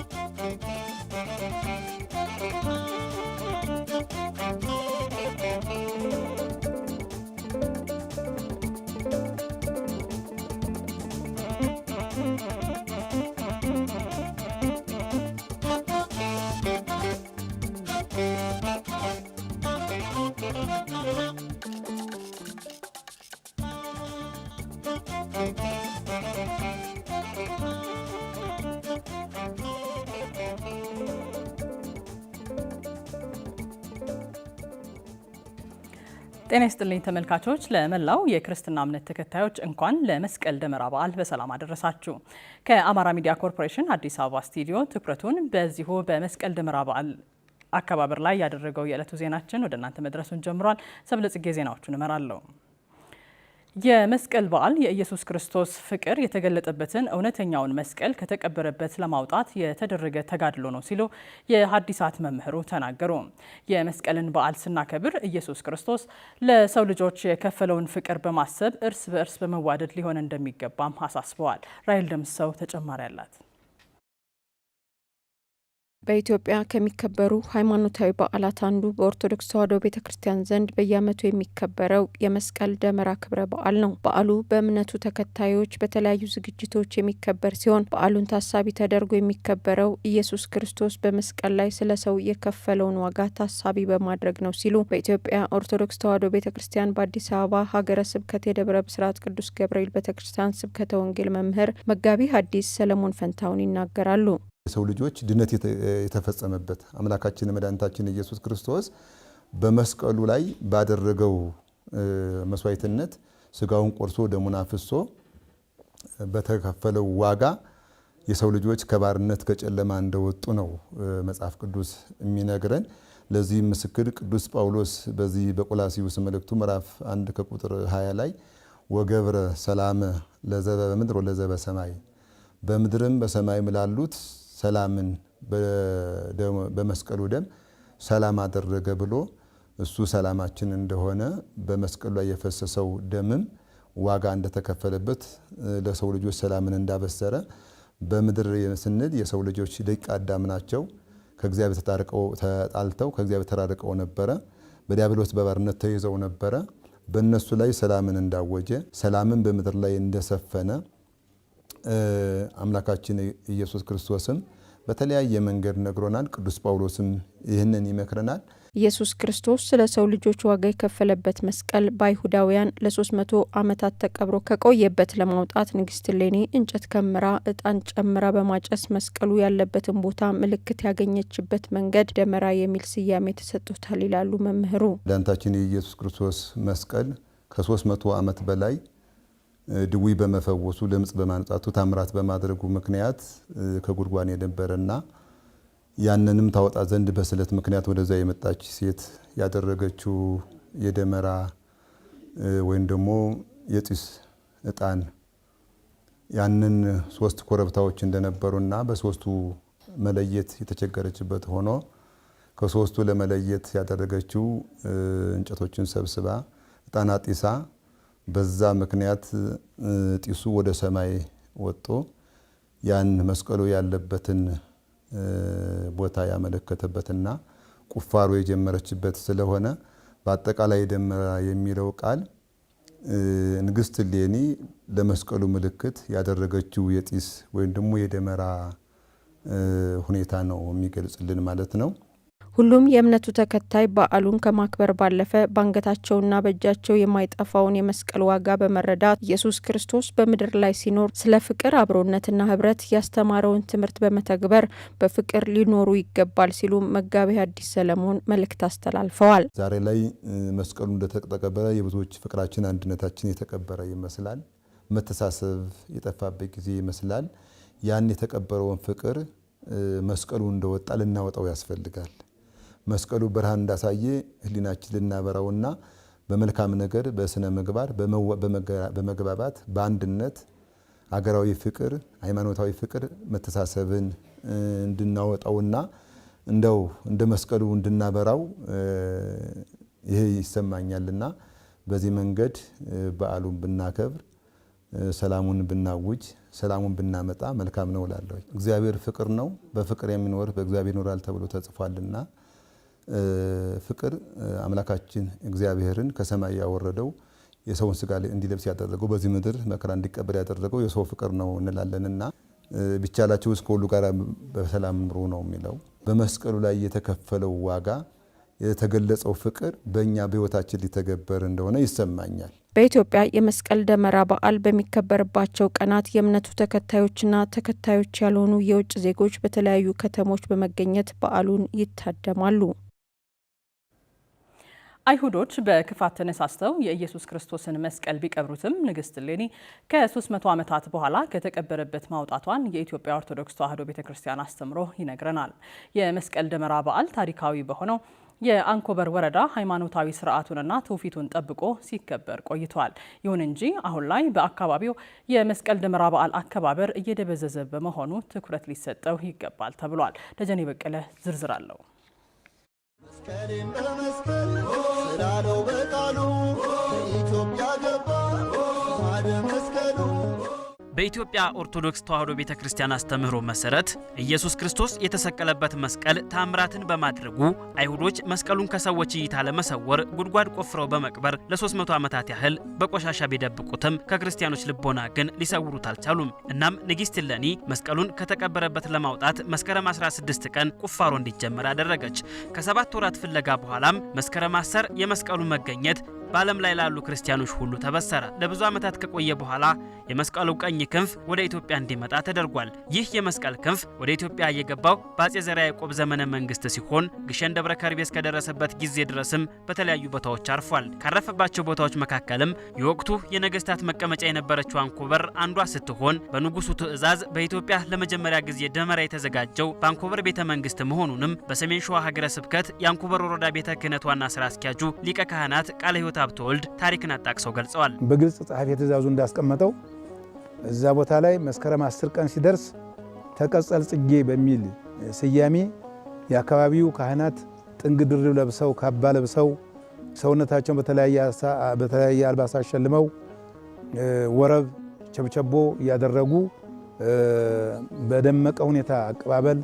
Thank you. ጤና ይስጥልኝ ተመልካቾች፣ ለመላው የክርስትና እምነት ተከታዮች እንኳን ለመስቀል ደመራ በዓል በሰላም አደረሳችሁ። ከአማራ ሚዲያ ኮርፖሬሽን አዲስ አበባ ስቱዲዮ ትኩረቱን በዚሁ በመስቀል ደመራ በዓል አከባበር ላይ ያደረገው የዕለቱ ዜናችን ወደ እናንተ መድረሱን ጀምሯል። ሰብለጽጌ ዜናዎቹን እመራለሁ። የመስቀል በዓል የኢየሱስ ክርስቶስ ፍቅር የተገለጠበትን እውነተኛውን መስቀል ከተቀበረበት ለማውጣት የተደረገ ተጋድሎ ነው ሲሉ የሐዲሳት መምህሩ ተናገሩ። የመስቀልን በዓል ስናከብር ኢየሱስ ክርስቶስ ለሰው ልጆች የከፈለውን ፍቅር በማሰብ እርስ በእርስ በመዋደድ ሊሆን እንደሚገባም አሳስበዋል። ራይል ደምሰው ተጨማሪ አላት። በኢትዮጵያ ከሚከበሩ ሃይማኖታዊ በዓላት አንዱ በኦርቶዶክስ ተዋሕዶ ቤተ ክርስቲያን ዘንድ በየዓመቱ የሚከበረው የመስቀል ደመራ ክብረ በዓል ነው። በዓሉ በእምነቱ ተከታዮች በተለያዩ ዝግጅቶች የሚከበር ሲሆን በዓሉን ታሳቢ ተደርጎ የሚከበረው ኢየሱስ ክርስቶስ በመስቀል ላይ ስለ ሰው የከፈለውን ዋጋ ታሳቢ በማድረግ ነው ሲሉ በኢትዮጵያ ኦርቶዶክስ ተዋሕዶ ቤተ ክርስቲያን በአዲስ አበባ ሀገረ ስብከት የደብረ ብስራት ቅዱስ ገብርኤል ቤተ ክርስቲያን ስብከተ ወንጌል መምህር መጋቢ ሐዲስ ሰለሞን ፈንታውን ይናገራሉ። የሰው ልጆች ድነት የተፈጸመበት አምላካችን መድኃኒታችን ኢየሱስ ክርስቶስ በመስቀሉ ላይ ባደረገው መስዋዕትነት ስጋውን ቆርሶ ደሙን አፍሶ በተከፈለው ዋጋ የሰው ልጆች ከባርነት ከጨለማ እንደወጡ ነው መጽሐፍ ቅዱስ የሚነግረን። ለዚህ ምስክር ቅዱስ ጳውሎስ በዚህ በቆላሲዩስ መልእክቱ ምዕራፍ አንድ ከቁጥር 20 ላይ ወገብረ ሰላም ለዘበ ምድር ወለዘበ ሰማይ በምድርም በሰማይም ላሉት ሰላምን በመስቀሉ ደም ሰላም አደረገ ብሎ እሱ ሰላማችን እንደሆነ በመስቀሉ ላይ የፈሰሰው ደምም ዋጋ እንደተከፈለበት ለሰው ልጆች ሰላምን እንዳበሰረ በምድር ስንል የሰው ልጆች ልቅ አዳም ናቸው። ከእግዚአብሔር ተጣልተው ከእግዚአብሔር ተራርቀው ነበረ። በዲያብሎስ በባርነት ተይዘው ነበረ። በእነሱ ላይ ሰላምን እንዳወጀ፣ ሰላምን በምድር ላይ እንደሰፈነ አምላካችን ኢየሱስ ክርስቶስም በተለያየ መንገድ ነግሮናል። ቅዱስ ጳውሎስም ይህንን ይመክረናል። ኢየሱስ ክርስቶስ ስለ ሰው ልጆች ዋጋ የከፈለበት መስቀል በአይሁዳውያን ለ300 ዓመታት ተቀብሮ ከቆየበት ለማውጣት ንግስት እሌኒ እንጨት ከምራ እጣን ጨምራ በማጨስ መስቀሉ ያለበትን ቦታ ምልክት ያገኘችበት መንገድ ደመራ የሚል ስያሜ ተሰጥቶታል ይላሉ መምህሩ። መድኃኒታችን የኢየሱስ ክርስቶስ መስቀል ከ300 ዓመት በላይ ድዊ በመፈወሱ ለምጽ በማንጻቱ ታምራት በማድረጉ ምክንያት ከጉድጓን የነበረና ያንንም ታወጣ ዘንድ በስለት ምክንያት ወደዛ የመጣች ሴት ያደረገችው የደመራ ወይም ደግሞ የጢስ እጣን ያንን ሶስት ኮረብታዎች እንደነበሩና በሶስቱ መለየት የተቸገረችበት ሆኖ ከሶስቱ ለመለየት ያደረገችው እንጨቶችን ሰብስባ እጣን አጢሳ በዛ ምክንያት ጢሱ ወደ ሰማይ ወጦ ያን መስቀሉ ያለበትን ቦታ ያመለከተበትና ቁፋሮ የጀመረችበት ስለሆነ በአጠቃላይ ደመራ የሚለው ቃል ንግስት ሌኒ ለመስቀሉ ምልክት ያደረገችው የጢስ ወይም ደግሞ የደመራ ሁኔታ ነው የሚገልጽልን ማለት ነው። ሁሉም የእምነቱ ተከታይ በዓሉን ከማክበር ባለፈ በአንገታቸውና በእጃቸው የማይጠፋውን የመስቀል ዋጋ በመረዳት ኢየሱስ ክርስቶስ በምድር ላይ ሲኖር ስለ ፍቅር፣ አብሮነትና ህብረት ያስተማረውን ትምህርት በመተግበር በፍቅር ሊኖሩ ይገባል ሲሉ መጋቤ ሐዲስ ሰለሞን መልእክት አስተላልፈዋል። ዛሬ ላይ መስቀሉ እንደተቀበረ የብዙዎች ፍቅራችን፣ አንድነታችን የተቀበረ ይመስላል። መተሳሰብ የጠፋበት ጊዜ ይመስላል። ያን የተቀበረውን ፍቅር መስቀሉ እንደወጣ ልናወጣው ያስፈልጋል። መስቀሉ ብርሃን እንዳሳየ ህሊናችን ልናበራውና በመልካም ነገር በስነ ምግባር በመግባባት በአንድነት አገራዊ ፍቅር፣ ሃይማኖታዊ ፍቅር መተሳሰብን እንድናወጣውና እንደው እንደ መስቀሉ እንድናበራው ይሄ ይሰማኛልና በዚህ መንገድ በዓሉን ብናከብር ሰላሙን ብናውጅ ሰላሙን ብናመጣ መልካም ነው እላለሁ። እግዚአብሔር ፍቅር ነው፣ በፍቅር የሚኖር በእግዚአብሔር ይኖራል ተብሎ ተጽፏልና ፍቅር አምላካችን እግዚአብሔርን ከሰማይ ያወረደው የሰውን ስጋ እንዲለብስ ያደረገው በዚህ ምድር መከራ እንዲቀበል ያደረገው የሰው ፍቅር ነው እንላለንና እስከ ሁሉ ጋር በሰላም ኑሩ ነው የሚለው። በመስቀሉ ላይ የተከፈለው ዋጋ የተገለጸው ፍቅር በእኛ በህይወታችን ሊተገበር እንደሆነ ይሰማኛል። በኢትዮጵያ የመስቀል ደመራ በዓል በሚከበርባቸው ቀናት የእምነቱ ተከታዮችና ተከታዮች ያልሆኑ የውጭ ዜጎች በተለያዩ ከተሞች በመገኘት በዓሉን ይታደማሉ። አይሁዶች በክፋት ተነሳስተው የኢየሱስ ክርስቶስን መስቀል ቢቀብሩትም ንግስት እሌኒ ከ300 ዓመታት በኋላ ከተቀበረበት ማውጣቷን የኢትዮጵያ ኦርቶዶክስ ተዋሕዶ ቤተ ክርስቲያን አስተምሮ ይነግረናል። የመስቀል ደመራ በዓል ታሪካዊ በሆነው የአንኮበር ወረዳ ሃይማኖታዊ ስርዓቱንና ትውፊቱን ጠብቆ ሲከበር ቆይቷል። ይሁን እንጂ አሁን ላይ በአካባቢው የመስቀል ደመራ በዓል አከባበር እየደበዘዘ በመሆኑ ትኩረት ሊሰጠው ይገባል ተብሏል። ደጀኔ በቀለ ዝርዝር አለው። መስቀሌም በመስቀል ስላለው በቃሉ ኢትዮጵያ በኢትዮጵያ ኦርቶዶክስ ተዋሕዶ ቤተ ክርስቲያን አስተምህሮ መሰረት ኢየሱስ ክርስቶስ የተሰቀለበት መስቀል ታምራትን በማድረጉ አይሁዶች መስቀሉን ከሰዎች እይታ ለመሰወር ጉድጓድ ቆፍረው በመቅበር ለ300 ዓመታት ያህል በቆሻሻ ቢደብቁትም ከክርስቲያኖች ልቦና ግን ሊሰውሩት አልቻሉም። እናም ንግሥት እሌኒ መስቀሉን ከተቀበረበት ለማውጣት መስከረም 16 ቀን ቁፋሮ እንዲጀመር አደረገች። ከሰባት ወራት ፍለጋ በኋላም መስከረም 10 የመስቀሉ መገኘት በዓለም ላይ ላሉ ክርስቲያኖች ሁሉ ተበሰረ። ለብዙ ዓመታት ከቆየ በኋላ የመስቀሉ ቀኝ ክንፍ ወደ ኢትዮጵያ እንዲመጣ ተደርጓል። ይህ የመስቀል ክንፍ ወደ ኢትዮጵያ የገባው በአጼ ዘርዓ ያዕቆብ ዘመነ መንግስት ሲሆን ግሸን ደብረ ከርቤ እስከደረሰበት ጊዜ ድረስም በተለያዩ ቦታዎች አርፏል። ካረፈባቸው ቦታዎች መካከልም የወቅቱ የነገስታት መቀመጫ የነበረችው አንኮበር አንዷ ስትሆን በንጉሱ ትእዛዝ በኢትዮጵያ ለመጀመሪያ ጊዜ ደመራ የተዘጋጀው በአንኮበር ቤተ መንግስት መሆኑንም በሰሜን ሸዋ ሀገረ ስብከት የአንኮበር ወረዳ ቤተ ክህነት ዋና ስራ አስኪያጁ ሊቀ ካህናት ቃለ ሕይወት ተወልድ ታሪክን አጣቅሰው ገልጸዋል። በግልጽ ጸሐፊ ትእዛዙ እንዳስቀመጠው እዛ ቦታ ላይ መስከረም አስር ቀን ሲደርስ ተቀጸል ጽጌ በሚል ስያሜ የአካባቢው ካህናት ጥንግ ድርብ ለብሰው ካባ ለብሰው ሰውነታቸውን በተለያየ አልባሳት ሸልመው ወረብ ቸብቸቦ እያደረጉ በደመቀ ሁኔታ አቀባበል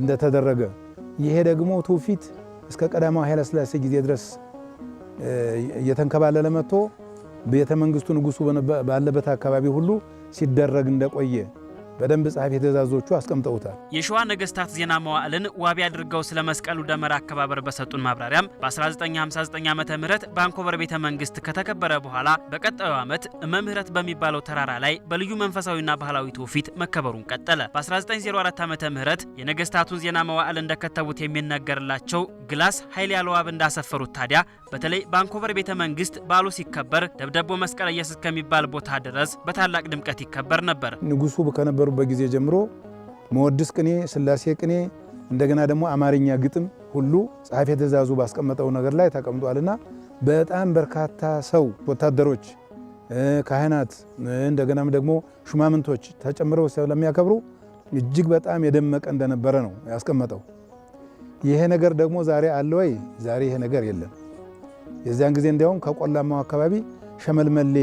እንደተደረገ ይሄ ደግሞ ትውፊት እስከ ቀዳማዊ ኃይለሥላሴ ጊዜ ድረስ እየተንከባለለ መጥቶ ቤተ መንግስቱ ንጉሱ ባለበት አካባቢ ሁሉ ሲደረግ እንደቆየ በደንብ ጸሐፊ ትእዛዞቹ አስቀምጠውታል። የሸዋ ነገሥታት ዜና መዋዕልን ዋቢ አድርገው ስለ መስቀሉ ደመራ አከባበር በሰጡን ማብራሪያም በ1959 ዓ ም በአንኮበር ቤተ መንግስት ከተከበረ በኋላ በቀጣዩ ዓመት መምህረት በሚባለው ተራራ ላይ በልዩ መንፈሳዊና ባህላዊ ትውፊት መከበሩን ቀጠለ። በ1904 ዓ ም የነገስታቱን ዜና መዋዕል እንደከተቡት የሚነገርላቸው ግላስ ኃይል ያለው አብ እንዳሰፈሩት ታዲያ በተለይ በአንኮበር ቤተ መንግስት በዓሉ ሲከበር ደብደቦ መስቀል ኢየሱስ ከሚባል ቦታ ድረስ በታላቅ ድምቀት ይከበር ነበር። ንጉሱ ከነበሩ ከጀመሩበት ጊዜ ጀምሮ መወድስ ቅኔ፣ ስላሴ ቅኔ እንደገና ደግሞ አማርኛ ግጥም ሁሉ ጸሐፌ ትእዛዙ ባስቀመጠው ነገር ላይ ተቀምጧልና በጣም በርካታ ሰው ወታደሮች፣ ካህናት እንደገናም ደግሞ ሹማምንቶች ተጨምረው ስለሚያከብሩ እጅግ በጣም የደመቀ እንደነበረ ነው ያስቀመጠው። ይሄ ነገር ደግሞ ዛሬ አለ ወይ? ዛሬ ይሄ ነገር የለም። የዚያን ጊዜ እንዲያውም ከቆላማው አካባቢ ሸመልመሌ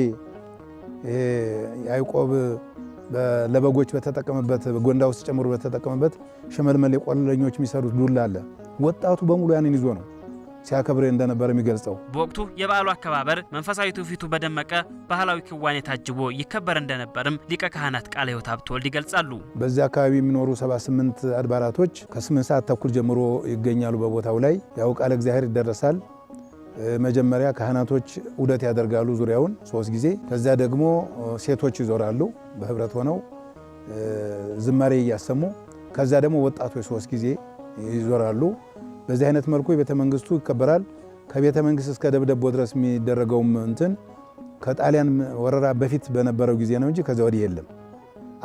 ያዕቆብ ለበጎች በተጠቀመበት ጎንዳ ውስጥ ጨምሮ በተጠቀመበት ሽመልመል የቆለኞች የሚሰሩት ዱላ አለ። ወጣቱ በሙሉ ያንን ይዞ ነው ሲያከብር እንደነበር የሚገልጸው። በወቅቱ የበዓሉ አከባበር መንፈሳዊ ትውፊቱ በደመቀ ባህላዊ ክዋኔ ታጅቦ ይከበር እንደነበርም ሊቀ ካህናት ቃለ ሕይወት ሀብተወልድ ይገልጻሉ። በዚህ አካባቢ የሚኖሩ 78 አድባራቶች ከ8 ሰዓት ተኩል ጀምሮ ይገኛሉ በቦታው ላይ ያው ቃለ እግዚአብሔር ይደረሳል። መጀመሪያ ካህናቶች ውደት ያደርጋሉ ዙሪያውን ሶስት ጊዜ። ከዚያ ደግሞ ሴቶች ይዞራሉ በህብረት ሆነው ዝማሬ እያሰሙ፣ ከዚያ ደግሞ ወጣቶች ሶስት ጊዜ ይዞራሉ። በዚህ አይነት መልኩ የቤተ መንግስቱ ይከበራል። ከቤተ መንግስት እስከ ደብደቦ ድረስ የሚደረገውም እንትን ከጣሊያን ወረራ በፊት በነበረው ጊዜ ነው እንጂ ከዚያ ወዲህ የለም።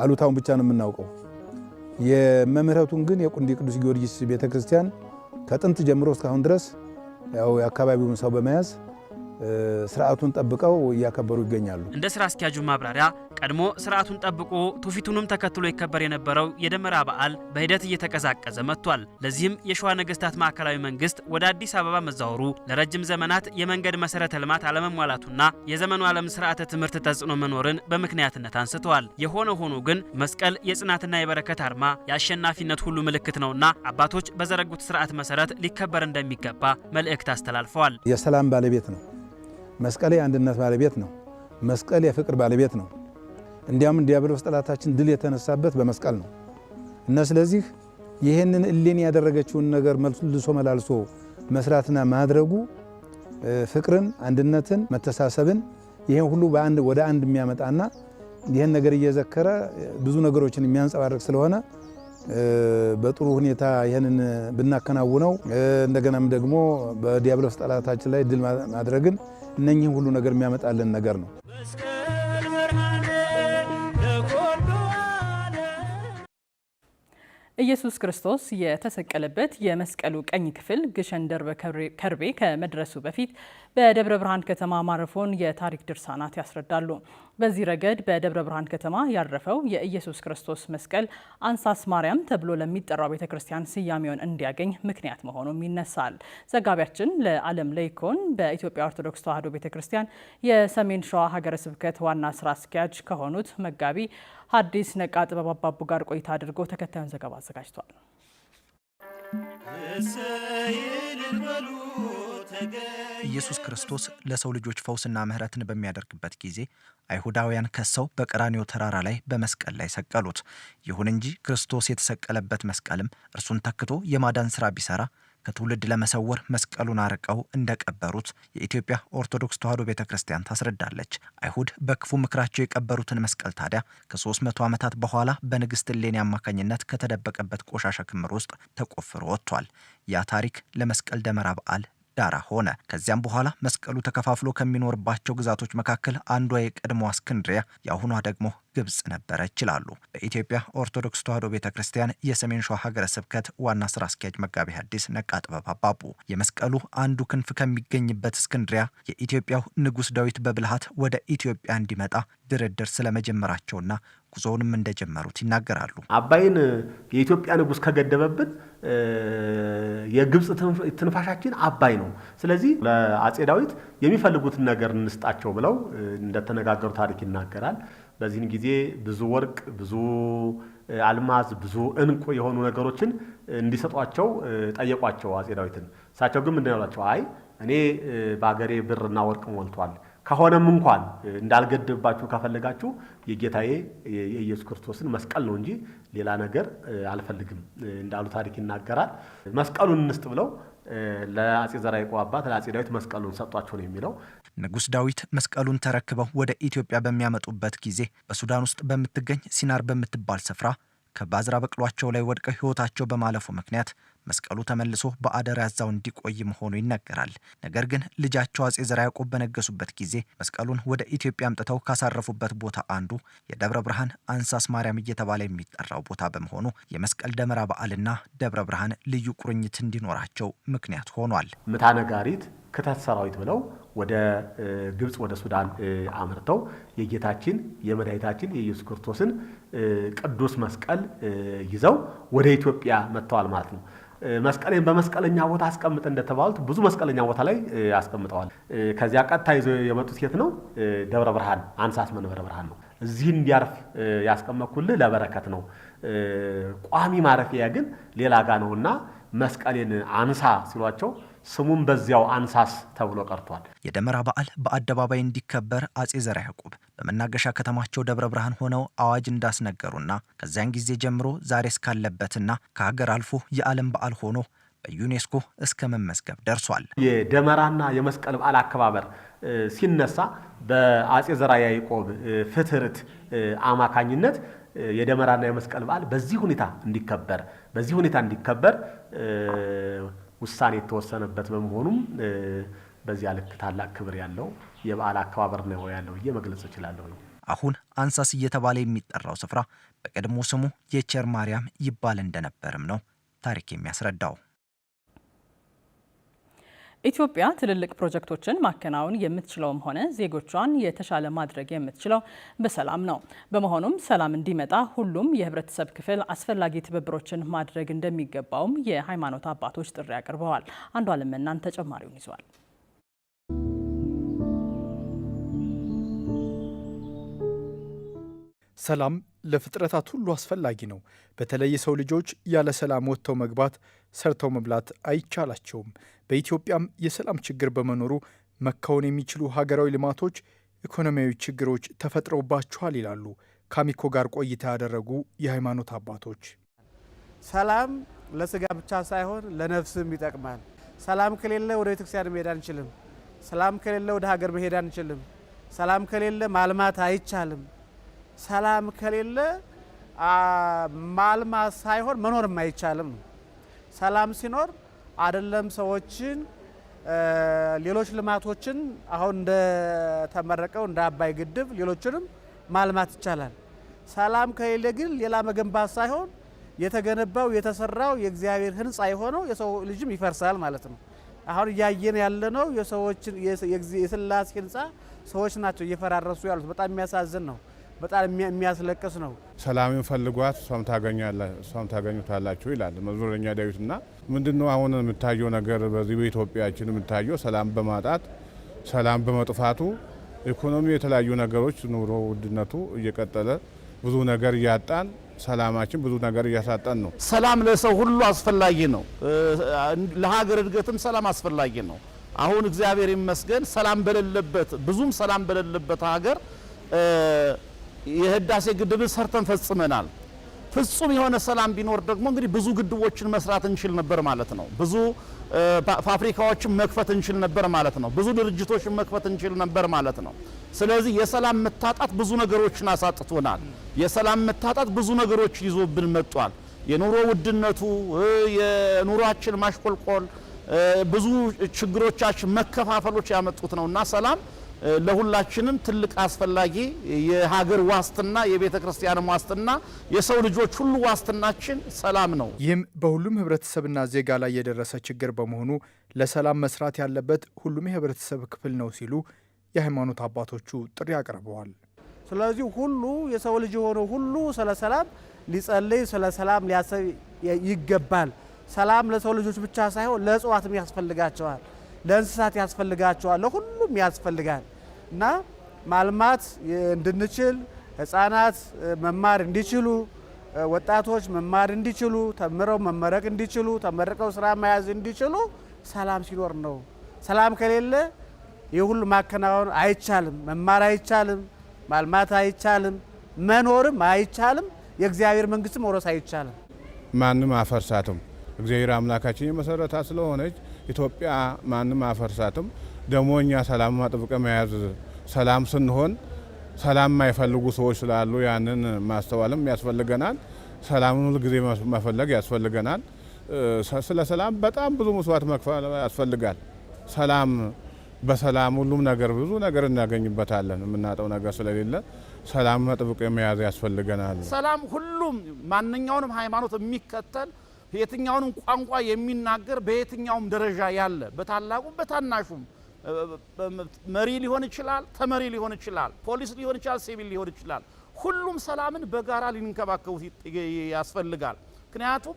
አሉታውን ብቻ ነው የምናውቀው። የመምህረቱን ግን የቁንዲ ቅዱስ ጊዮርጊስ ቤተ ክርስቲያን ከጥንት ጀምሮ እስካሁን ድረስ ያው የአካባቢውን ሰው በመያዝ ስርዓቱን ጠብቀው እያከበሩ ይገኛሉ። እንደ ስራ አስኪያጁ ማብራሪያ ቀድሞ ስርዓቱን ጠብቆ ትውፊቱንም ተከትሎ ይከበር የነበረው የደመራ በዓል በሂደት እየተቀዛቀዘ መጥቷል። ለዚህም የሸዋ ነገስታት ማዕከላዊ መንግስት ወደ አዲስ አበባ መዛወሩ ለረጅም ዘመናት የመንገድ መሰረተ ልማት አለመሟላቱና የዘመኑ ዓለም ስርዓተ ትምህርት ተጽዕኖ መኖርን በምክንያትነት አንስተዋል። የሆነ ሆኖ ግን መስቀል የጽናትና የበረከት አርማ፣ የአሸናፊነት ሁሉ ምልክት ነውና አባቶች በዘረጉት ስርዓት መሰረት ሊከበር እንደሚገባ መልእክት አስተላልፈዋል። የሰላም ባለቤት ነው። መስቀል የአንድነት ባለቤት ነው። መስቀል የፍቅር ባለቤት ነው። እንዲያም ዲያብሎስ ጠላታችን ድል የተነሳበት በመስቀል ነው እና ስለዚህ ይህንን እሌን ያደረገችውን ነገር መልሶ መላልሶ መስራትና ማድረጉ ፍቅርን፣ አንድነትን፣ መተሳሰብን ይህን ሁሉ ወደ አንድ የሚያመጣና ይህን ነገር እየዘከረ ብዙ ነገሮችን የሚያንጸባርቅ ስለሆነ በጥሩ ሁኔታ ይህንን ብናከናውነው እንደገናም ደግሞ በዲያብሎስ ጠላታችን ላይ ድል ማድረግን እነኚህን ሁሉ ነገር የሚያመጣልን ነገር ነው። ኢየሱስ ክርስቶስ የተሰቀለበት የመስቀሉ ቀኝ ክፍል ግሸን ደርበ ከርቤ ከመድረሱ በፊት በደብረ ብርሃን ከተማ ማረፎን የታሪክ ድርሳናት ያስረዳሉ። በዚህ ረገድ በደብረ ብርሃን ከተማ ያረፈው የኢየሱስ ክርስቶስ መስቀል አንሳስ ማርያም ተብሎ ለሚጠራው ቤተ ክርስቲያን ስያሜውን እንዲያገኝ ምክንያት መሆኑም ይነሳል። ዘጋቢያችን ለዓለም ለይኮን በኢትዮጵያ ኦርቶዶክስ ተዋሕዶ ቤተ ክርስቲያን የሰሜን ሸዋ ሀገረ ስብከት ዋና ስራ አስኪያጅ ከሆኑት መጋቢ ሐዲስ ነቃ ጥበብ አባቡ ጋር ቆይታ አድርጎ ተከታዩን ዘገባ አዘጋጅቷል። ኢየሱስ ክርስቶስ ለሰው ልጆች ፈውስና ምሕረትን በሚያደርግበት ጊዜ አይሁዳውያን ከሰው በቀራንዮ ተራራ ላይ በመስቀል ላይ ሰቀሉት። ይሁን እንጂ ክርስቶስ የተሰቀለበት መስቀልም እርሱን ተክቶ የማዳን ሥራ ቢሠራ ከትውልድ ለመሰወር መስቀሉን አርቀው እንደቀበሩት የኢትዮጵያ ኦርቶዶክስ ተዋሕዶ ቤተ ክርስቲያን ታስረዳለች። አይሁድ በክፉ ምክራቸው የቀበሩትን መስቀል ታዲያ ከ መቶ ዓመታት በኋላ በንግሥት እሌኒ አማካኝነት ከተደበቀበት ቆሻሻ ክምር ውስጥ ተቆፍሮ ወጥቷል። ያ ታሪክ ለመስቀል ደመራ በዓል ዳራ ሆነ። ከዚያም በኋላ መስቀሉ ተከፋፍሎ ከሚኖርባቸው ግዛቶች መካከል አንዷ የቀድሞ እስክንድሪያ፣ የአሁኗ ደግሞ ግብጽ ነበረች ይላሉ በኢትዮጵያ ኦርቶዶክስ ተዋሕዶ ቤተ ክርስቲያን የሰሜን ሸዋ ሀገረ ስብከት ዋና ስራ አስኪያጅ መጋቢ ሐዲስ ነቃ ጥበብ አባቡ። የመስቀሉ አንዱ ክንፍ ከሚገኝበት እስክንድሪያ የኢትዮጵያው ንጉሥ ዳዊት በብልሃት ወደ ኢትዮጵያ እንዲመጣ ድርድር ስለመጀመራቸውና ጉዞውንም እንደጀመሩት ይናገራሉ። አባይን የኢትዮጵያ ንጉሥ ከገደበብን የግብፅ ትንፋሻችን አባይ ነው። ስለዚህ ለአጼ ዳዊት የሚፈልጉትን ነገር እንስጣቸው ብለው እንደተነጋገሩ ታሪክ ይናገራል። በዚህን ጊዜ ብዙ ወርቅ፣ ብዙ አልማዝ፣ ብዙ እንቁ የሆኑ ነገሮችን እንዲሰጧቸው ጠየቋቸው አጼ ዳዊትን። እሳቸው ግን ምንድን ያሏቸው? አይ እኔ በሀገሬ ብርና ወርቅ ሞልቷል፣ ከሆነም እንኳን እንዳልገድብባችሁ ከፈለጋችሁ የጌታዬ የኢየሱስ ክርስቶስን መስቀል ነው እንጂ ሌላ ነገር አልፈልግም እንዳሉ ታሪክ ይናገራል። መስቀሉን እንስጥ ብለው ለአጼ ዘርዓ ያዕቆብ አባት ለአጼ ዳዊት መስቀሉን ሰጧቸው ነው የሚለው። ንጉሥ ዳዊት መስቀሉን ተረክበው ወደ ኢትዮጵያ በሚያመጡበት ጊዜ በሱዳን ውስጥ በምትገኝ ሲናር በምትባል ስፍራ ከባዝራ በቅሏቸው ላይ ወድቀው ሕይወታቸው በማለፉ ምክንያት መስቀሉ ተመልሶ በአደራ ያዛው እንዲቆይ መሆኑ ይነገራል። ነገር ግን ልጃቸው አጼ ዘርዓ ያዕቆብ በነገሱበት ጊዜ መስቀሉን ወደ ኢትዮጵያ አምጥተው ካሳረፉበት ቦታ አንዱ የደብረ ብርሃን አንሳስ ማርያም እየተባለ የሚጠራው ቦታ በመሆኑ የመስቀል ደመራ በዓልና ደብረ ብርሃን ልዩ ቁርኝት እንዲኖራቸው ምክንያት ሆኗል። ምታነጋሪት ክተት ሰራዊት ብለው ወደ ግብፅ ወደ ሱዳን አምርተው የጌታችን የመድኃኒታችን የኢየሱስ ክርስቶስን ቅዱስ መስቀል ይዘው ወደ ኢትዮጵያ መጥተዋል ማለት ነው። መስቀሌን በመስቀለኛ ቦታ አስቀምጠ እንደተባሉት ብዙ መስቀለኛ ቦታ ላይ አስቀምጠዋል። ከዚያ ቀጥታ ይዘው የመጡት የት ነው? ደብረ ብርሃን አንሳስ መንበረ ብርሃን ነው። እዚህ እንዲያርፍ ያስቀመኩልህ ለበረከት ነው፣ ቋሚ ማረፊያ ግን ሌላ ጋ ነውና መስቀሌን አንሳ ሲሏቸው ስሙም በዚያው አንሳስ ተብሎ ቀርቷል። የደመራ በዓል በአደባባይ እንዲከበር አጼ ዘርዓ ያዕቆብ በመናገሻ ከተማቸው ደብረ ብርሃን ሆነው አዋጅ እንዳስነገሩና ከዚያን ጊዜ ጀምሮ ዛሬ እስካለበትና ከሀገር አልፎ የዓለም በዓል ሆኖ በዩኔስኮ እስከ መመዝገብ ደርሷል። የደመራና የመስቀል በዓል አከባበር ሲነሳ በአጼ ዘርዓ ያዕቆብ ፍትርት አማካኝነት የደመራና የመስቀል በዓል በዚህ ሁኔታ እንዲከበር በዚህ ሁኔታ እንዲከበር ውሳኔ የተወሰነበት በመሆኑም በዚያ ልክ ታላቅ ክብር ያለው የበዓል አከባበር ነው ያለው ብዬ መግለጽ እችላለሁ። አሁን አንሳስ እየተባለ የሚጠራው ስፍራ በቀድሞ ስሙ የቸር ማርያም ይባል እንደነበርም ነው ታሪክ የሚያስረዳው። ኢትዮጵያ ትልልቅ ፕሮጀክቶችን ማከናወን የምትችለውም ሆነ ዜጎቿን የተሻለ ማድረግ የምትችለው በሰላም ነው። በመሆኑም ሰላም እንዲመጣ ሁሉም የህብረተሰብ ክፍል አስፈላጊ ትብብሮችን ማድረግ እንደሚገባውም የሃይማኖት አባቶች ጥሪ አቅርበዋል። አንዷለም እናን ተጨማሪውን ይዟል። ሰላም ለፍጥረታት ሁሉ አስፈላጊ ነው። በተለይ የሰው ልጆች ያለ ሰላም ወጥተው መግባት፣ ሰርተው መብላት አይቻላቸውም። በኢትዮጵያም የሰላም ችግር በመኖሩ መከወን የሚችሉ ሀገራዊ ልማቶች፣ ኢኮኖሚያዊ ችግሮች ተፈጥረውባቸዋል ይላሉ ከአሚኮ ጋር ቆይታ ያደረጉ የሃይማኖት አባቶች። ሰላም ለስጋ ብቻ ሳይሆን ለነፍስም ይጠቅማል። ሰላም ከሌለ ወደ ቤተክርስቲያን መሄድ አንችልም። ሰላም ከሌለ ወደ ሀገር መሄድ አንችልም። ሰላም ከሌለ ማልማት አይቻልም። ሰላም ከሌለ ማልማት ሳይሆን መኖርም አይቻልም። ሰላም ሲኖር አይደለም ሰዎችን ሌሎች ልማቶችን አሁን እንደተመረቀው እንደ አባይ ግድብ ሌሎችንም ማልማት ይቻላል። ሰላም ከሌለ ግን ሌላ መገንባት ሳይሆን የተገነባው የተሰራው የእግዚአብሔር ሕንፃ የሆነው የሰው ልጅም ይፈርሳል ማለት ነው። አሁን እያየን ያለነው የሰዎችን የስላሴ ሕንፃ ሰዎች ናቸው እየፈራረሱ ያሉት። በጣም የሚያሳዝን ነው። በጣም የሚያስለቅስ ነው። ሰላምን ፈልጓት እሷም እሷም ታገኙታላችሁ ይላል መዝሙረኛ ዳዊትና ምንድን ነው አሁን የምታየው ነገር በዚህ በኢትዮጵያችን የምታየው ሰላም በማጣት ሰላም በመጥፋቱ ኢኮኖሚ፣ የተለያዩ ነገሮች፣ ኑሮ ውድነቱ እየቀጠለ ብዙ ነገር እያጣን ሰላማችን ብዙ ነገር እያሳጠን ነው። ሰላም ለሰው ሁሉ አስፈላጊ ነው። ለሀገር እድገትም ሰላም አስፈላጊ ነው። አሁን እግዚአብሔር ይመስገን ሰላም በሌለበት ብዙም ሰላም በሌለበት ሀገር የህዳሴ ግድብን ሰርተን ፈጽመናል። ፍጹም የሆነ ሰላም ቢኖር ደግሞ እንግዲህ ብዙ ግድቦችን መስራት እንችል ነበር ማለት ነው። ብዙ ፋብሪካዎችን መክፈት እንችል ነበር ማለት ነው። ብዙ ድርጅቶችን መክፈት እንችል ነበር ማለት ነው። ስለዚህ የሰላም መታጣት ብዙ ነገሮችን አሳጥቶናል። የሰላም መታጣት ብዙ ነገሮች ይዞብን መጥቷል። የኑሮ ውድነቱ፣ የኑሯችን ማሽቆልቆል፣ ብዙ ችግሮቻችን መከፋፈሎች ያመጡት ነውና ሰላም ለሁላችንም ትልቅ አስፈላጊ የሀገር ዋስትና የቤተ ክርስቲያንም ዋስትና የሰው ልጆች ሁሉ ዋስትናችን ሰላም ነው። ይህም በሁሉም ህብረተሰብና ዜጋ ላይ የደረሰ ችግር በመሆኑ ለሰላም መስራት ያለበት ሁሉም የህብረተሰብ ክፍል ነው ሲሉ የሃይማኖት አባቶቹ ጥሪ አቅርበዋል። ስለዚህ ሁሉ የሰው ልጅ የሆነ ሁሉ ስለ ሰላም ሊጸልይ፣ ስለ ሰላም ሊያሰብ ይገባል። ሰላም ለሰው ልጆች ብቻ ሳይሆን ለእጽዋትም ያስፈልጋቸዋል፣ ለእንስሳት ያስፈልጋቸዋል፣ ለሁሉም ያስፈልጋል። እና ማልማት እንድንችል ህጻናት መማር እንዲችሉ፣ ወጣቶች መማር እንዲችሉ፣ ተምረው መመረቅ እንዲችሉ፣ ተመርቀው ስራ መያዝ እንዲችሉ ሰላም ሲኖር ነው። ሰላም ከሌለ ይህ ሁሉ ማከናወን አይቻልም። መማር አይቻልም። ማልማት አይቻልም። መኖርም አይቻልም። የእግዚአብሔር መንግስት መውረስ አይቻልም። ማንም አፈርሳትም። እግዚአብሔር አምላካችን የመሰረታ ስለሆነች ኢትዮጵያ ማንም አፈርሳትም። ደግሞ እኛ ሰላም ማጥብቀ መያዝ ሰላም ስንሆን ሰላም የማይፈልጉ ሰዎች ስላሉ ያንን ማስተዋልም ያስፈልገናል። ሰላምን ሁልጊዜ መፈለግ ያስፈልገናል። ስለ ሰላም በጣም ብዙ መስዋዕት መክፈል ያስፈልጋል። ሰላም በሰላም ሁሉም ነገር ብዙ ነገር እናገኝበታለን። የምናጠው ነገር ስለሌለ ሰላም መጥብቅ የመያዝ ያስፈልገናል። ሰላም ሁሉም ማንኛውንም ሃይማኖት የሚከተል የትኛውንም ቋንቋ የሚናገር በየትኛውም ደረጃ ያለ በታላቁም በታናሹም መሪ ሊሆን ይችላል፣ ተመሪ ሊሆን ይችላል፣ ፖሊስ ሊሆን ይችላል፣ ሲቪል ሊሆን ይችላል። ሁሉም ሰላምን በጋራ ሊንከባከቡት ያስፈልጋል። ምክንያቱም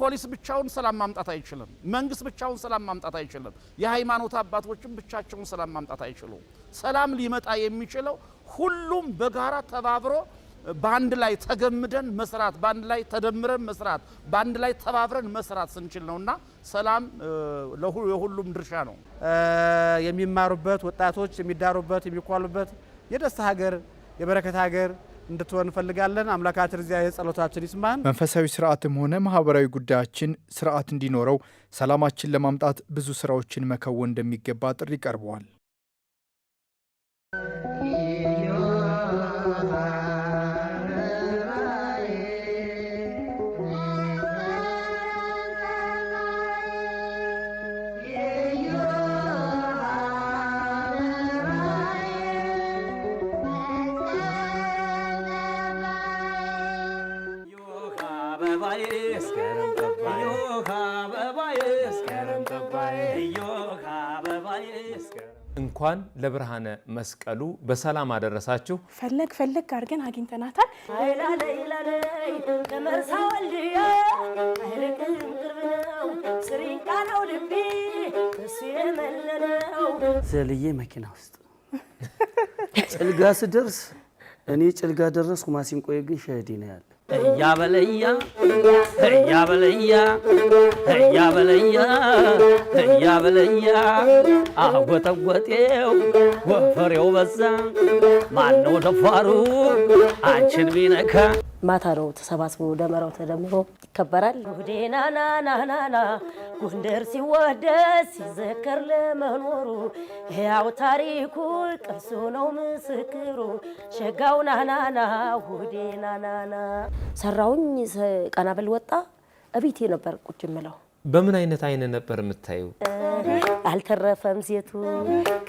ፖሊስ ብቻውን ሰላም ማምጣት አይችልም። መንግስት ብቻውን ሰላም ማምጣት አይችልም። የሃይማኖት አባቶችም ብቻቸውን ሰላም ማምጣት አይችሉም። ሰላም ሊመጣ የሚችለው ሁሉም በጋራ ተባብሮ በአንድ ላይ ተገምደን መስራት፣ በአንድ ላይ ተደምረን መስራት፣ በአንድ ላይ ተባብረን መስራት ስንችል ነውና ሰላም የሁሉም ድርሻ ነው። የሚማሩበት ወጣቶች የሚዳሩበት የሚኳሉበት የደስታ ሀገር የበረከት ሀገር እንድትሆን እንፈልጋለን። አምላካችን እግዚአብሔር ጸሎታችን ይስማን። መንፈሳዊ ስርዓትም ሆነ ማህበራዊ ጉዳያችን ስርዓት እንዲኖረው ሰላማችን ለማምጣት ብዙ ስራዎችን መከወን እንደሚገባ ጥሪ ቀርበዋል። ለብርሃነ መስቀሉ በሰላም አደረሳችሁ። ፈለግ ፈለግ አድርገን አግኝተናታል። ዘልዬ መኪና ውስጥ ጭልጋ ስደርስ እኔ ጭልጋ ደረስኩ። ማሲንቆ ግን ሸህዲ ነው ያለ እያ በለያ እያ በለያ እያ በለያ እያ በለያ አጎተጎጤው ወፈሬው በዛ ማነው ደፋሩ አንቺን ቢነካ ማታ ነው ተሰባስቦ ደመራው ተደምሮ ይከበራል። ጉዴናናናናና ጎንደር ሲወደስ ሲዘከር ለመኖሩ ያው ታሪኩ ቅርሱ ነው ምስክሩ ሸጋው ናናና ጉዴናናና ሰራውኝ ቀናበል ወጣ እቤቴ ነበር ቁጭ የምለው በምን አይነት አይን ነበር የምታየው? አልተረፈም ሴቱ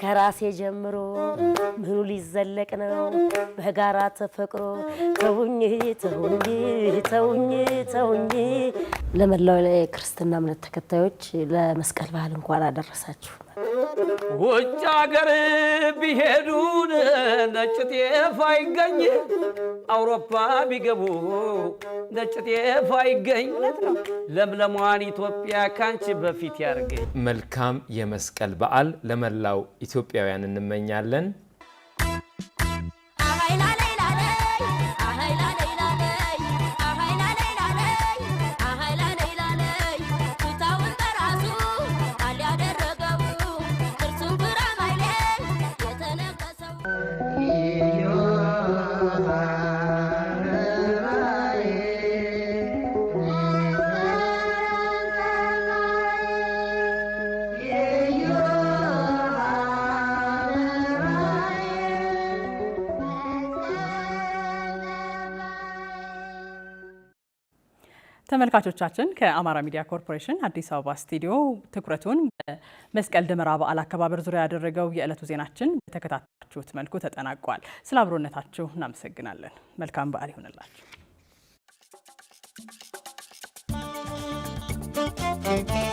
ከራሴ ጀምሮ ምኑ ሊዘለቅ ነው በጋራ ተፈቅሮ ተውኝ ተውኝ ተውኝ ተውኝ። ለመላው የክርስትና እምነት ተከታዮች ለመስቀል በዓል እንኳን አደረሳችሁ። ውጭ አገር ቢሄዱን ነጭ ጤፍ አይገኝ፣ አውሮፓ ቢገቡ ነጭ ጤፍ አይገኝ። ለምለሟን ኢትዮጵያ ካንቺ በፊት ያርገኝ። መልካም የመስቀል በዓል ለመላው ኢትዮጵያውያን እንመኛለን። ተመልካቾቻችን ከአማራ ሚዲያ ኮርፖሬሽን አዲስ አበባ ስቱዲዮ ትኩረቱን በመስቀል ደመራ በዓል አከባበር ዙሪያ ያደረገው የዕለቱ ዜናችን በተከታታችሁት መልኩ ተጠናቋል። ስለ አብሮነታችሁ እናመሰግናለን። መልካም በዓል ይሆንላችሁ።